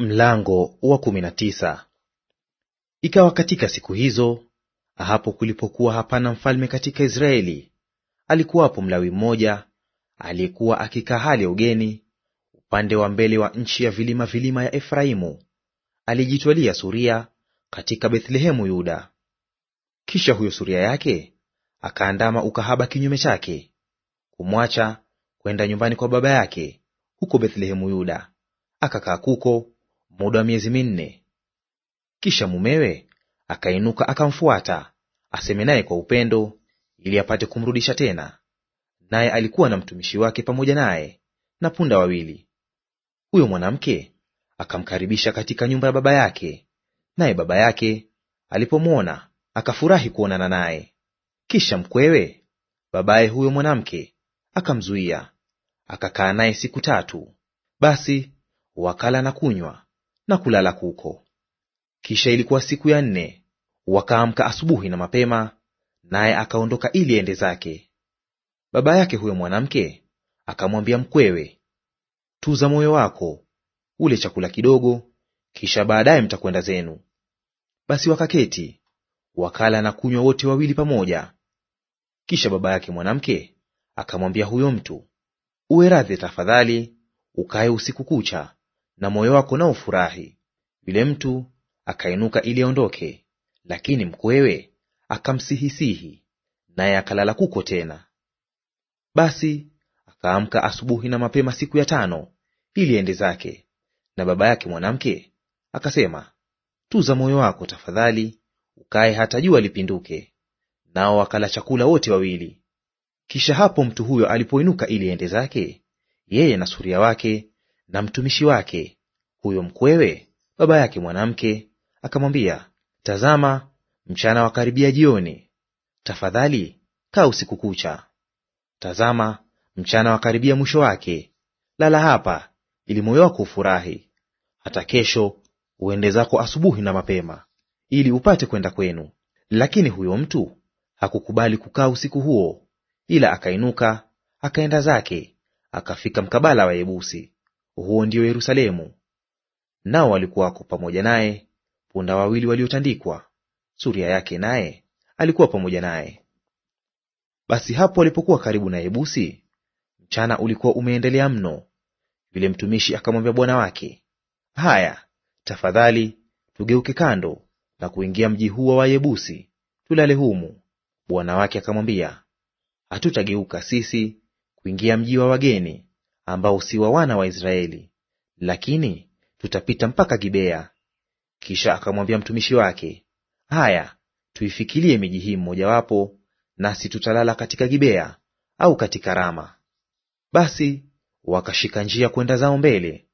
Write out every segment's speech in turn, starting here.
Mlango wa kumi na tisa. Ikawa katika siku hizo, hapo kulipokuwa hapana mfalme katika Israeli, alikuwapo Mlawi mmoja aliyekuwa akikaa hali ya ugeni upande wa mbele wa nchi ya vilima vilima ya Efraimu, alijitwalia suria katika Bethlehemu Yuda. Kisha huyo suria yake akaandama ukahaba kinyume chake, kumwacha kwenda nyumbani kwa baba yake huko Bethlehemu Yuda, akakaa kuko muda wa miezi minne. Kisha mumewe akainuka akamfuata aseme naye kwa upendo, ili apate kumrudisha tena. Naye alikuwa na mtumishi wake pamoja naye na punda wawili. Huyo mwanamke akamkaribisha katika nyumba ya baba yake, naye baba yake alipomwona akafurahi kuonana naye. Kisha mkwewe babaye huyo mwanamke akamzuia, akakaa naye siku tatu. Basi wakala na kunywa, na kulala kuko. Kisha ilikuwa siku ya nne, wakaamka asubuhi na mapema, naye akaondoka ili aende zake. Baba yake huyo mwanamke akamwambia mkwewe, tuza moyo wako, ule chakula kidogo, kisha baadaye mtakwenda zenu. Basi wakaketi wakala na kunywa wote wawili pamoja. Kisha baba yake mwanamke akamwambia huyo mtu, uwe radhi tafadhali ukae usiku kucha, na moyo wako na ufurahi. Yule mtu akainuka ili aondoke, lakini mkwewe akamsihisihi, naye akalala kuko tena. Basi akaamka asubuhi na mapema siku ya tano ili aende zake. Na baba yake mwanamke akasema, tuza moyo wako tafadhali, ukae hata jua lipinduke. Nao wakala chakula wote wawili. Kisha hapo mtu huyo alipoinuka ili aende zake, yeye na suria wake na mtumishi wake huyo mkwewe, baba yake mwanamke, akamwambia, Tazama, mchana wakaribia jioni, tafadhali kaa usiku kucha. Tazama, mchana wakaribia mwisho wake, lala hapa, ili moyo wako ufurahi, hata kesho uende zako asubuhi na mapema, ili upate kwenda kwenu. Lakini huyo mtu hakukubali kukaa usiku huo, ila akainuka akaenda zake, akafika mkabala wa Yebusi. Huo ndio Yerusalemu. Nao walikuwako pamoja naye punda wawili waliotandikwa, suria yake naye alikuwa pamoja naye. Basi hapo walipokuwa karibu na Yebusi, mchana ulikuwa umeendelea mno, yule mtumishi akamwambia bwana wake, haya, tafadhali tugeuke kando na kuingia mji huo wa Yebusi, tulale humu. Bwana wake akamwambia, hatutageuka sisi kuingia mji wa wageni, ambao si wa wana wa Israeli, lakini tutapita mpaka Gibea. Kisha akamwambia mtumishi wake, haya, tuifikirie miji hii mmojawapo, nasi tutalala katika Gibea au katika Rama. Basi wakashika njia kwenda zao mbele.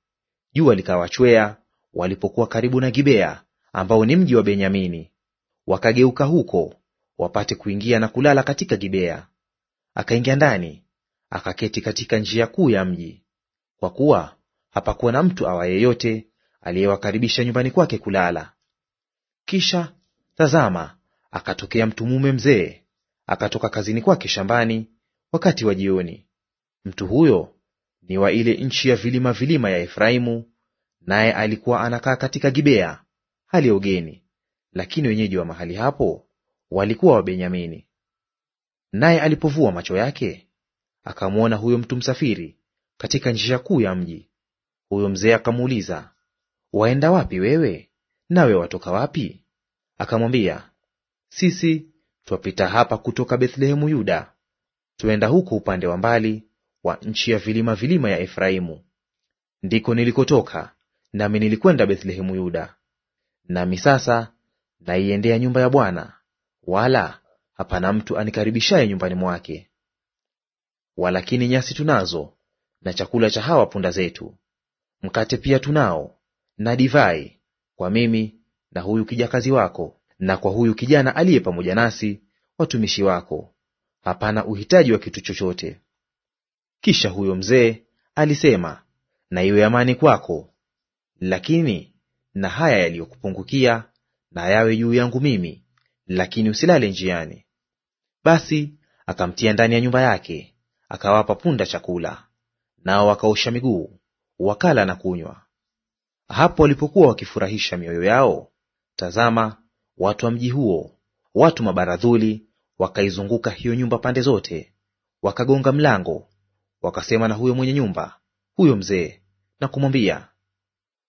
Jua likawachwea walipokuwa karibu na Gibea, ambao ni mji wa Benyamini, wakageuka huko wapate kuingia na kulala katika Gibea. Akaingia ndani akaketi katika njia kuu ya mji, kwa kuwa hapakuwa na mtu awa yeyote aliyewakaribisha nyumbani kwake kulala. Kisha tazama, akatokea mtu mume mzee akatoka kazini kwake shambani wakati wa jioni. Mtu huyo ni wa ile nchi ya vilima vilima ya Efraimu, naye alikuwa anakaa katika Gibea hali ya ugeni, lakini wenyeji wa mahali hapo walikuwa Wabenyamini. Naye alipovua macho yake akamwona huyo mtu msafiri katika njia kuu ya mji. Huyo mzee akamuuliza, waenda wapi wewe, nawe watoka wapi? Akamwambia, sisi twapita hapa kutoka Bethlehemu Yuda, tuenda huko upande wa mbali wa nchi ya vilima vilima ya Efraimu. Ndiko nilikotoka, nami nilikwenda Bethlehemu Yuda. Nami sasa naiendea nyumba ya Bwana, wala hapana mtu anikaribishaye nyumbani mwake walakini nyasi tunazo na chakula cha hawa punda zetu. Mkate pia tunao na divai, kwa mimi na huyu kijakazi wako na kwa huyu kijana aliye pamoja nasi, watumishi wako; hapana uhitaji wa kitu chochote. Kisha huyo mzee alisema, na iwe amani kwako, lakini na haya yaliyokupungukia na yawe juu yangu mimi, lakini usilale njiani. Basi akamtia ndani ya nyumba yake akawapa punda chakula, nao wakaosha miguu, wakala na kunywa. Hapo walipokuwa wakifurahisha mioyo yao, tazama, watu wa mji huo, watu mabaradhuli, wakaizunguka hiyo nyumba pande zote, wakagonga mlango, wakasema na huyo mwenye nyumba, huyo mzee, na kumwambia,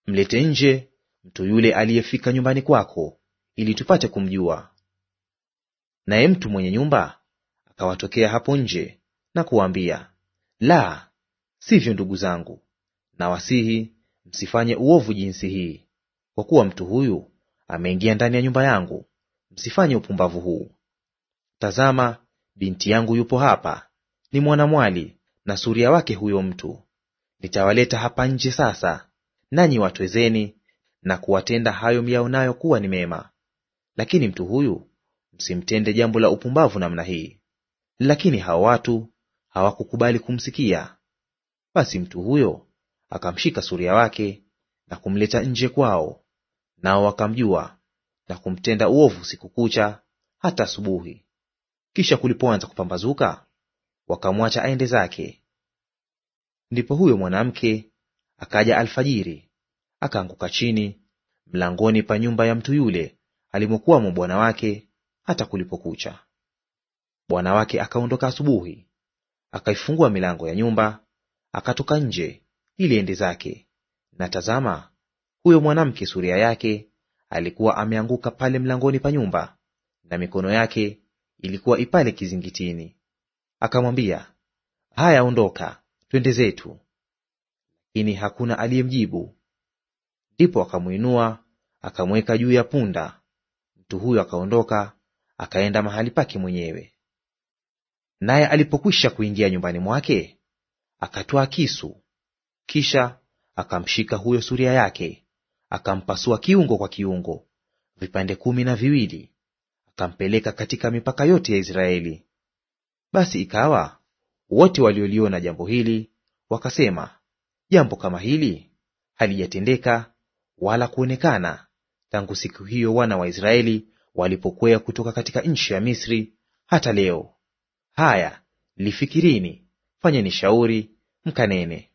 mlete nje mtu yule aliyefika nyumbani kwako, ili tupate kumjua. Naye mtu mwenye nyumba akawatokea hapo nje na kuwaambia, la sivyo, ndugu zangu, na wasihi msifanye uovu jinsi hii, kwa kuwa mtu huyu ameingia ndani ya nyumba yangu, msifanye upumbavu huu. Tazama, binti yangu yupo hapa, ni mwanamwali na suria wake huyo mtu. Nitawaleta hapa nje sasa, nanyi watwezeni na kuwatenda hayo myaonayo kuwa ni mema. Lakini mtu huyu msimtende jambo la upumbavu namna hii. Lakini hao watu hawakukubali kumsikia. Basi mtu huyo akamshika suria wake na kumleta nje kwao, nao wakamjua na kumtenda uovu siku kucha hata asubuhi. Kisha kulipoanza kupambazuka, wakamwacha aende zake. Ndipo huyo mwanamke akaja alfajiri, akaanguka chini mlangoni pa nyumba ya mtu yule alimokuwamo bwana wake, hata kulipokucha. Bwana wake akaondoka asubuhi, akaifungua milango ya nyumba, akatoka nje ili ende zake. Na tazama, huyo mwanamke suria yake alikuwa ameanguka pale mlangoni pa nyumba, na mikono yake ilikuwa ipale kizingitini. Akamwambia, haya, ondoka, twende zetu. Lakini hakuna aliyemjibu. Ndipo akamwinua akamweka juu ya punda, mtu huyo akaondoka akaenda mahali pake mwenyewe. Naye alipokwisha kuingia nyumbani mwake, akatwaa kisu, kisha akamshika huyo suria yake, akampasua kiungo kwa kiungo, vipande kumi na viwili, akampeleka katika mipaka yote ya Israeli. Basi ikawa wote walioliona jambo hili wakasema, jambo kama hili halijatendeka wala kuonekana tangu siku hiyo wana wa Israeli walipokwea kutoka katika nchi ya Misri hata leo. Haya, lifikirini, fanyeni shauri, mkanene.